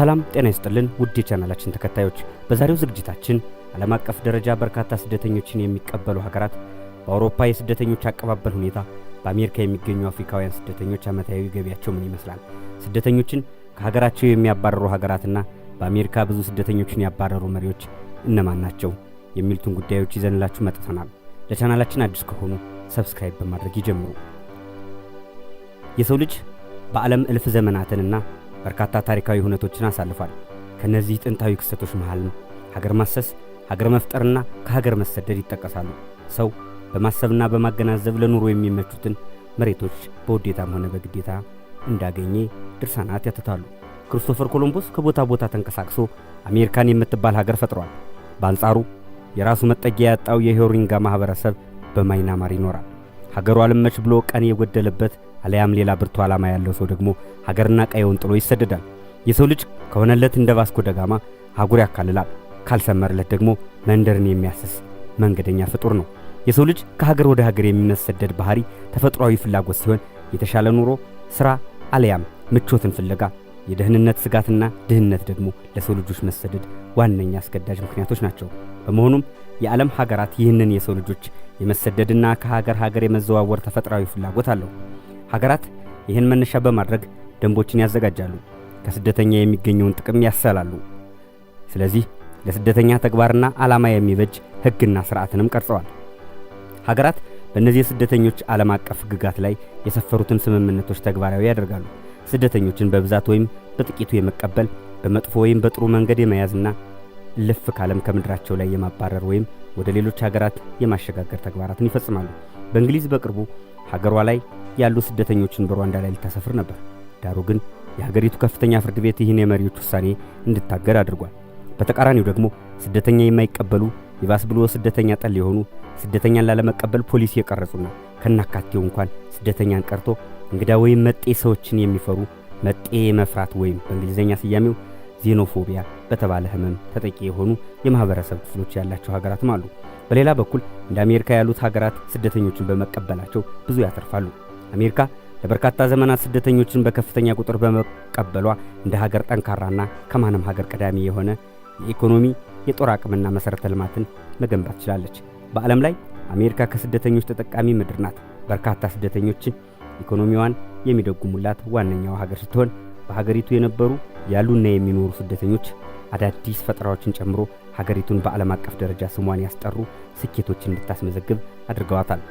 ሰላም ጤና ይስጥልን ውድ የቻናላችን ተከታዮች፣ በዛሬው ዝግጅታችን ዓለም አቀፍ ደረጃ በርካታ ስደተኞችን የሚቀበሉ ሀገራት፣ በአውሮፓ የስደተኞች አቀባበል ሁኔታ፣ በአሜሪካ የሚገኙ አፍሪካውያን ስደተኞች ዓመታዊ ገቢያቸው ምን ይመስላል፣ ስደተኞችን ከሀገራቸው የሚያባረሩ ሀገራትና በአሜሪካ ብዙ ስደተኞችን ያባረሩ መሪዎች እነማን ናቸው የሚሉትን ጉዳዮች ይዘንላችሁ መጥተናል። ለቻናላችን አዲስ ከሆኑ ሰብስክራይብ በማድረግ ይጀምሩ። የሰው ልጅ በዓለም እልፍ ዘመናትንና በርካታ ታሪካዊ ሁነቶችን አሳልፏል። ከእነዚህ ጥንታዊ ክስተቶች መሃልም ሀገር ማሰስ፣ ሀገር መፍጠርና ከሀገር መሰደድ ይጠቀሳሉ። ሰው በማሰብና በማገናዘብ ለኑሮ የሚመቹትን መሬቶች በውዴታም ሆነ በግዴታ እንዳገኘ ድርሳናት ያትታሉ። ክርስቶፈር ኮሎምቦስ ከቦታ ቦታ ተንቀሳቅሶ አሜሪካን የምትባል ሀገር ፈጥሯል። በአንጻሩ የራሱ መጠጊያ ያጣው የሂሩንጋ ማኅበረሰብ በማይናማር ይኖራል። ሀገሩ አልመች ብሎ ቀን የጎደለበት አለያም ሌላ ብርቱ ዓላማ ያለው ሰው ደግሞ ሀገርና ቀየውን ጥሎ ይሰደዳል። የሰው ልጅ ከሆነለት እንደ ቫስኮ ደጋማ አህጉር ያካልላል፣ ካልሰመረለት ደግሞ መንደርን የሚያስስ መንገደኛ ፍጡር ነው። የሰው ልጅ ከሀገር ወደ ሀገር የሚመሰደድ ባህሪ ተፈጥሯዊ ፍላጎት ሲሆን የተሻለ ኑሮ፣ ስራ አለያም ምቾትን ፍለጋ የደህንነት ስጋትና ድህነት ደግሞ ለሰው ልጆች መሰደድ ዋነኛ አስገዳጅ ምክንያቶች ናቸው። በመሆኑም የዓለም ሀገራት ይህንን የሰው ልጆች የመሰደድና ከሀገር ሀገር የመዘዋወር ተፈጥሯዊ ፍላጎት አለው። ሀገራት ይህን መነሻ በማድረግ ደንቦችን ያዘጋጃሉ፣ ከስደተኛ የሚገኘውን ጥቅም ያሰላሉ። ስለዚህ ለስደተኛ ተግባርና ዓላማ የሚበጅ ሕግና ሥርዓትንም ቀርጸዋል። ሀገራት በእነዚህ የስደተኞች ዓለም አቀፍ ሕግጋት ላይ የሰፈሩትን ስምምነቶች ተግባራዊ ያደርጋሉ። ስደተኞችን በብዛት ወይም በጥቂቱ የመቀበል በመጥፎ ወይም በጥሩ መንገድ የመያዝና ልፍ ካለም ከምድራቸው ላይ የማባረር ወይም ወደ ሌሎች ሀገራት የማሸጋገር ተግባራትን ይፈጽማሉ። በእንግሊዝ በቅርቡ ሀገሯ ላይ ያሉ ስደተኞችን በሩዋንዳ ላይ ልታሰፍር ነበር። ዳሩ ግን የሀገሪቱ ከፍተኛ ፍርድ ቤት ይህን የመሪዎች ውሳኔ እንድታገድ አድርጓል። በተቃራኒው ደግሞ ስደተኛ የማይቀበሉ ይባስ ብሎ ስደተኛ ጠል የሆኑ ስደተኛን ላለመቀበል ፖሊሲ የቀረጹና ከናካቴው እንኳን ስደተኛን ቀርቶ እንግዳ ወይም መጤ ሰዎችን የሚፈሩ መጤ የመፍራት ወይም በእንግሊዝኛ ስያሜው ዜኖፎቢያ በተባለ ሕመም ተጠቂ የሆኑ የማህበረሰብ ክፍሎች ያላቸው ሀገራትም አሉ። በሌላ በኩል እንደ አሜሪካ ያሉት ሀገራት ስደተኞችን በመቀበላቸው ብዙ ያተርፋሉ። አሜሪካ ለበርካታ ዘመናት ስደተኞችን በከፍተኛ ቁጥር በመቀበሏ እንደ ሀገር ጠንካራና ከማንም ሀገር ቀዳሚ የሆነ የኢኮኖሚ የጦር አቅምና መሠረተ ልማትን መገንባት ችላለች። በዓለም ላይ አሜሪካ ከስደተኞች ተጠቃሚ ምድር ናት። በርካታ ስደተኞችን ኢኮኖሚዋን የሚደጉሙላት ዋነኛው ሀገር ስትሆን በሀገሪቱ የነበሩ ያሉና የሚኖሩ ስደተኞች አዳዲስ ፈጠራዎችን ጨምሮ ሀገሪቱን በዓለም አቀፍ ደረጃ ስሟን ያስጠሩ ስኬቶችን እንድታስመዘግብ አድርገዋታል።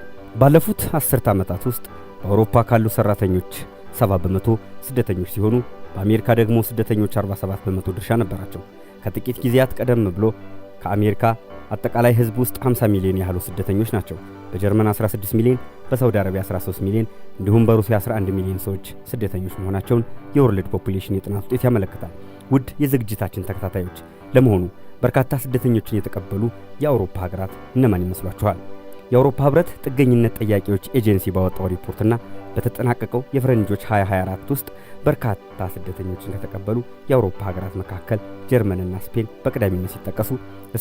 ባለፉት አስርተ ዓመታት ውስጥ በአውሮፓ ካሉ ሰራተኞች 70 በመቶ ስደተኞች ሲሆኑ በአሜሪካ ደግሞ ስደተኞች 47 በመቶ ድርሻ ነበራቸው። ከጥቂት ጊዜያት ቀደም ብሎ ከአሜሪካ አጠቃላይ ሕዝብ ውስጥ 50 ሚሊዮን ያህሉ ስደተኞች ናቸው። በጀርመን 16 ሚሊዮን፣ በሳውዲ አረቢያ 13 ሚሊዮን እንዲሁም በሩሲያ 11 ሚሊዮን ሰዎች ስደተኞች መሆናቸውን የወርልድ ፖፑሌሽን የጥናት ውጤት ያመለክታል። ውድ የዝግጅታችን ተከታታዮች፣ ለመሆኑ በርካታ ስደተኞችን የተቀበሉ የአውሮፓ ሀገራት እነማን ይመስሏችኋል? የአውሮፓ ህብረት ጥገኝነት ጠያቂዎች ኤጀንሲ ባወጣው ሪፖርትና በተጠናቀቀው የፈረንጆች 2024 ውስጥ በርካታ ስደተኞችን ከተቀበሉ የአውሮፓ ሀገራት መካከል ጀርመንና ስፔን በቀዳሚነት ሲጠቀሱ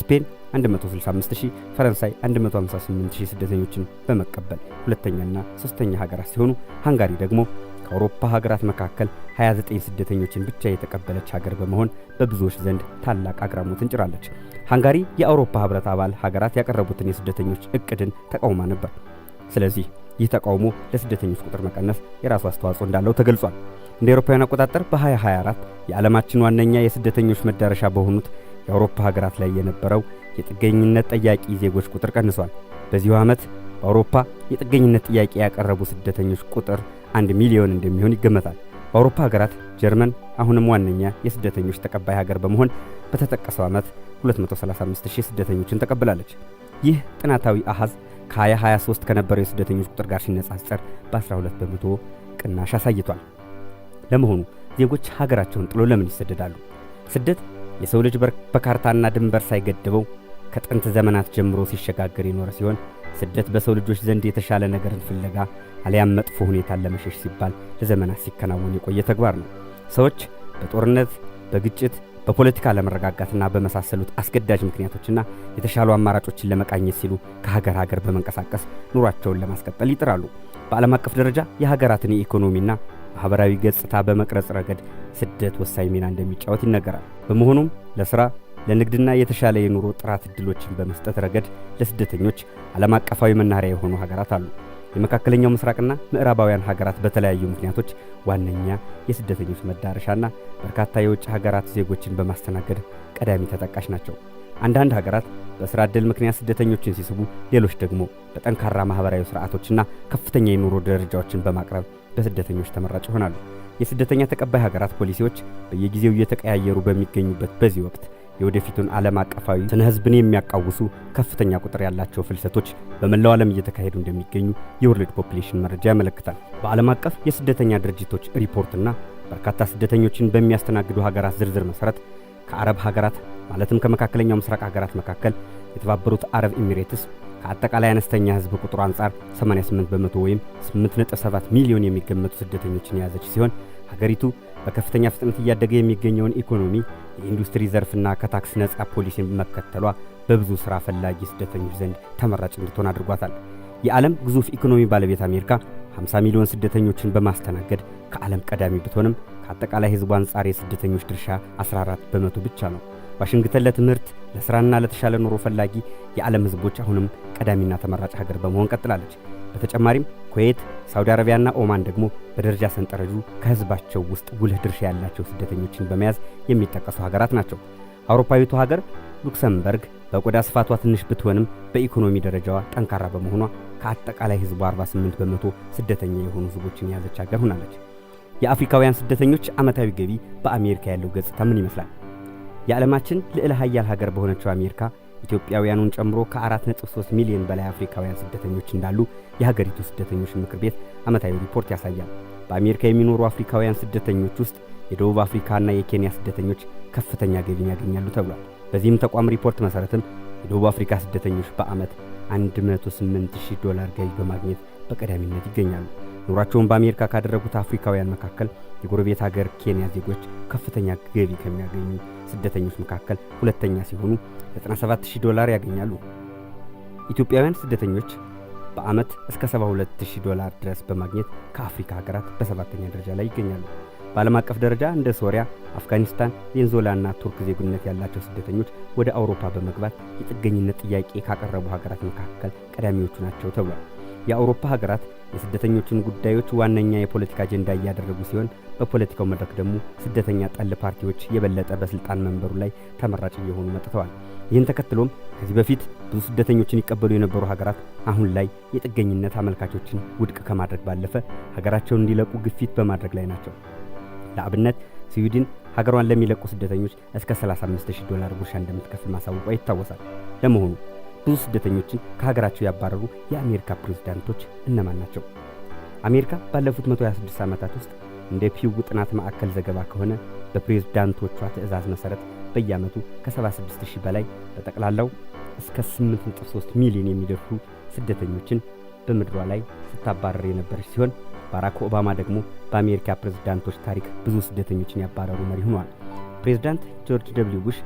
ስፔን 165000፣ ፈረንሳይ 158000 ስደተኞችን በመቀበል ሁለተኛና ሶስተኛ ሀገራት ሲሆኑ ሃንጋሪ ደግሞ ከአውሮፓ ሀገራት መካከል 29 ስደተኞችን ብቻ የተቀበለች ሀገር በመሆን በብዙዎች ዘንድ ታላቅ አግራሞትን ጭራለች። ሃንጋሪ የአውሮፓ ህብረት አባል ሀገራት ያቀረቡትን የስደተኞች እቅድን ተቃውማ ነበር። ስለዚህ ይህ ተቃውሞ ለስደተኞች ቁጥር መቀነስ የራሱ አስተዋጽኦ እንዳለው ተገልጿል። እንደ አውሮፓውያን አቆጣጠር በ2024 የዓለማችን ዋነኛ የስደተኞች መዳረሻ በሆኑት የአውሮፓ ሀገራት ላይ የነበረው የጥገኝነት ጠያቂ ዜጎች ቁጥር ቀንሷል። በዚሁ ዓመት በአውሮፓ የጥገኝነት ጥያቄ ያቀረቡ ስደተኞች ቁጥር አንድ ሚሊዮን እንደሚሆን ይገመታል። በአውሮፓ ሀገራት ጀርመን አሁንም ዋነኛ የስደተኞች ተቀባይ ሀገር በመሆን በተጠቀሰው ዓመት 235000 ስደተኞችን ተቀብላለች። ይህ ጥናታዊ አሐዝ ከ2023 ከነበረው የስደተኞች ቁጥር ጋር ሲነጻጸር በ12 በመቶ ቅናሽ አሳይቷል። ለመሆኑ ዜጎች ሀገራቸውን ጥሎ ለምን ይሰደዳሉ? ስደት የሰው ልጅ በካርታና ድንበር ሳይገድበው ከጥንት ዘመናት ጀምሮ ሲሸጋገር የኖረ ሲሆን ስደት በሰው ልጆች ዘንድ የተሻለ ነገርን ፍለጋ አሊያም መጥፎ ሁኔታን ለመሸሽ ሲባል ለዘመናት ሲከናወን የቆየ ተግባር ነው። ሰዎች በጦርነት፣ በግጭት፣ በፖለቲካ ለመረጋጋትና በመሳሰሉት አስገዳጅ ምክንያቶችና የተሻሉ አማራጮችን ለመቃኘት ሲሉ ከሀገር ሀገር በመንቀሳቀስ ኑሯቸውን ለማስቀጠል ይጥራሉ። በዓለም አቀፍ ደረጃ የሀገራትን የኢኮኖሚና ማኅበራዊ ገጽታ በመቅረጽ ረገድ ስደት ወሳኝ ሚና እንደሚጫወት ይነገራል። በመሆኑም ለሥራ ለንግድና የተሻለ የኑሮ ጥራት እድሎችን በመስጠት ረገድ ለስደተኞች ዓለም አቀፋዊ መናኸሪያ የሆኑ ሀገራት አሉ። የመካከለኛው ምስራቅና ምዕራባውያን ሀገራት በተለያዩ ምክንያቶች ዋነኛ የስደተኞች መዳረሻና በርካታ የውጭ ሀገራት ዜጎችን በማስተናገድ ቀዳሚ ተጠቃሽ ናቸው። አንዳንድ ሀገራት በስራ ዕድል ምክንያት ስደተኞችን ሲስቡ፣ ሌሎች ደግሞ በጠንካራ ማህበራዊ ስርዓቶችና ከፍተኛ የኑሮ ደረጃዎችን በማቅረብ በስደተኞች ተመራጭ ይሆናሉ። የስደተኛ ተቀባይ ሀገራት ፖሊሲዎች በየጊዜው እየተቀያየሩ በሚገኙበት በዚህ ወቅት የወደፊቱን ዓለም አቀፋዊ ስነ ህዝብን የሚያቃውሱ ከፍተኛ ቁጥር ያላቸው ፍልሰቶች በመላው ዓለም እየተካሄዱ እንደሚገኙ የወርልድ ፖፕሌሽን መረጃ ያመለክታል። በዓለም አቀፍ የስደተኛ ድርጅቶች ሪፖርትና በርካታ ስደተኞችን በሚያስተናግዱ ሀገራት ዝርዝር መሠረት ከአረብ ሀገራት ማለትም ከመካከለኛው ምስራቅ ሀገራት መካከል የተባበሩት አረብ ኤሚሬትስ ከአጠቃላይ አነስተኛ ህዝብ ቁጥሩ አንጻር 88 በመቶ ወይም 8.7 ሚሊዮን የሚገመቱ ስደተኞችን የያዘች ሲሆን ሀገሪቱ በከፍተኛ ፍጥነት እያደገ የሚገኘውን ኢኮኖሚ የኢንዱስትሪ ዘርፍና ከታክስ ነፃ ፖሊሲን መከተሏ በብዙ ሥራ ፈላጊ ስደተኞች ዘንድ ተመራጭ እንድትሆን አድርጓታል። የዓለም ግዙፍ ኢኮኖሚ ባለቤት አሜሪካ 50 ሚሊዮን ስደተኞችን በማስተናገድ ከዓለም ቀዳሚ ብትሆንም ከአጠቃላይ ሕዝቡ አንጻር የስደተኞች ድርሻ 14 በመቶ ብቻ ነው። ዋሽንግተን ለትምህርት ለሥራና ለተሻለ ኑሮ ፈላጊ የዓለም ሕዝቦች አሁንም ቀዳሚና ተመራጭ ሀገር በመሆን ቀጥላለች። በተጨማሪም ኩዌት፣ ሳውዲ አረቢያና ኦማን ደግሞ በደረጃ ሰንጠረዡ ከህዝባቸው ውስጥ ጉልህ ድርሻ ያላቸው ስደተኞችን በመያዝ የሚጠቀሱ ሀገራት ናቸው። አውሮፓዊቱ ሀገር ሉክሰምበርግ በቆዳ ስፋቷ ትንሽ ብትሆንም በኢኮኖሚ ደረጃዋ ጠንካራ በመሆኗ ከአጠቃላይ ህዝቡ 48 በመቶ ስደተኛ የሆኑ ህዝቦችን የያዘች ሀገር ሆናለች። የአፍሪካውያን ስደተኞች ዓመታዊ ገቢ በአሜሪካ ያለው ገጽታ ምን ይመስላል? የዓለማችን ልዕለ ሀያል ሀገር በሆነችው አሜሪካ ኢትዮጵያውያኑን ጨምሮ ከ4.3 ሚሊዮን በላይ አፍሪካውያን ስደተኞች እንዳሉ የሀገሪቱ ስደተኞች ምክር ቤት ዓመታዊ ሪፖርት ያሳያል። በአሜሪካ የሚኖሩ አፍሪካውያን ስደተኞች ውስጥ የደቡብ አፍሪካና የኬንያ ስደተኞች ከፍተኛ ገቢን ያገኛሉ ተብሏል። በዚህም ተቋም ሪፖርት መሠረትም የደቡብ አፍሪካ ስደተኞች በዓመት 108,000 ዶላር ገቢ በማግኘት በቀዳሚነት ይገኛሉ። ኑሯቸውን በአሜሪካ ካደረጉት አፍሪካውያን መካከል የጎረቤት ሀገር ኬንያ ዜጎች ከፍተኛ ገቢ ከሚያገኙ ስደተኞች መካከል ሁለተኛ ሲሆኑ 97000 ዶላር ያገኛሉ። ኢትዮጵያውያን ስደተኞች በዓመት እስከ 72000 ዶላር ድረስ በማግኘት ከአፍሪካ ሀገራት በሰባተኛ ደረጃ ላይ ይገኛሉ። በዓለም አቀፍ ደረጃ እንደ ሶሪያ፣ አፍጋኒስታን፣ ቬንዙዌላ እና ቱርክ ዜግነት ያላቸው ስደተኞች ወደ አውሮፓ በመግባት የጥገኝነት ጥያቄ ካቀረቡ ሀገራት መካከል ቀዳሚዎቹ ናቸው ተብሏል። የአውሮፓ ሀገራት የስደተኞችን ጉዳዮች ዋነኛ የፖለቲካ አጀንዳ እያደረጉ ሲሆን በፖለቲካው መድረክ ደግሞ ስደተኛ ጠል ፓርቲዎች የበለጠ በስልጣን መንበሩ ላይ ተመራጭ እየሆኑ መጥተዋል። ይህን ተከትሎም ከዚህ በፊት ብዙ ስደተኞችን ይቀበሉ የነበሩ ሀገራት አሁን ላይ የጥገኝነት አመልካቾችን ውድቅ ከማድረግ ባለፈ ሀገራቸውን እንዲለቁ ግፊት በማድረግ ላይ ናቸው። ለአብነት ስዊድን ሀገሯን ለሚለቁ ስደተኞች እስከ 35000 ዶላር ጉርሻ እንደምትከፍል ማሳወቋ ይታወሳል። ለመሆኑ ብዙ ስደተኞችን ከሀገራቸው ያባረሩ የአሜሪካ ፕሬዝዳንቶች እነማን ናቸው? አሜሪካ ባለፉት 126 ዓመታት ውስጥ እንደ ፒው ጥናት ማዕከል ዘገባ ከሆነ በፕሬዝዳንቶቿ ትዕዛዝ መሰረት በየዓመቱ ከ76000 በላይ በጠቅላላው እስከ 8.3 ሚሊዮን የሚደርሱ ስደተኞችን በምድሯ ላይ ስታባረር የነበረች ሲሆን ባራክ ኦባማ ደግሞ በአሜሪካ ፕሬዝዳንቶች ታሪክ ብዙ ስደተኞችን ያባረሩ መሪ ሆኗል። ፕሬዝዳንት ጆርጅ ደብሊው ቡሽ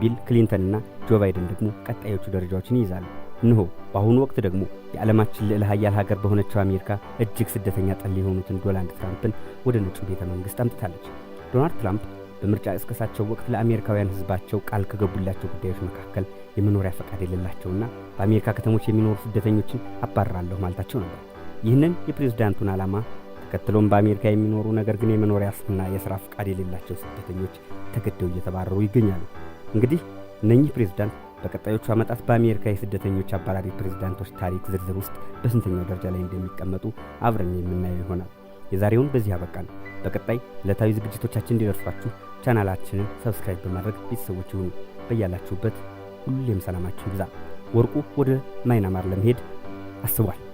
ቢል ክሊንተንና ጆ ባይደን ደግሞ ቀጣዮቹ ደረጃዎችን ይይዛሉ። እንሆ በአሁኑ ወቅት ደግሞ የዓለማችን ልዕለ ሀያል ሀገር በሆነችው አሜሪካ እጅግ ስደተኛ ጠል የሆኑትን ዶናልድ ትራምፕን ወደ ነጩ ቤተ መንግሥት አምጥታለች። ዶናልድ ትራምፕ በምርጫ ቅስቀሳቸው ወቅት ለአሜሪካውያን ሕዝባቸው ቃል ከገቡላቸው ጉዳዮች መካከል የመኖሪያ ፈቃድ የሌላቸውና በአሜሪካ ከተሞች የሚኖሩ ስደተኞችን አባራለሁ ማለታቸው ነበር። ይህንን የፕሬዝዳንቱን ዓላማ ተከትሎም በአሜሪካ የሚኖሩ ነገር ግን የመኖሪያና የሥራ ፈቃድ የሌላቸው ስደተኞች ተገደው እየተባረሩ ይገኛሉ። እንግዲህ እነኚህ ፕሬዝዳንት በቀጣዮቹ ዓመታት በአሜሪካ የስደተኞች አባራሪ ፕሬዝዳንቶች ታሪክ ዝርዝር ውስጥ በስንተኛው ደረጃ ላይ እንደሚቀመጡ አብረን የምናየው ይሆናል። የዛሬውን በዚህ አበቃን። በቀጣይ ዕለታዊ ዝግጅቶቻችን እንዲደርሷችሁ ቻናላችንን ሰብስክራይብ በማድረግ ቤተሰቦች ይሁኑ። በያላችሁበት ሁሌም ሰላማችሁ ይብዛ። ወርቁ ወደ ማይናማር ለመሄድ አስቧል።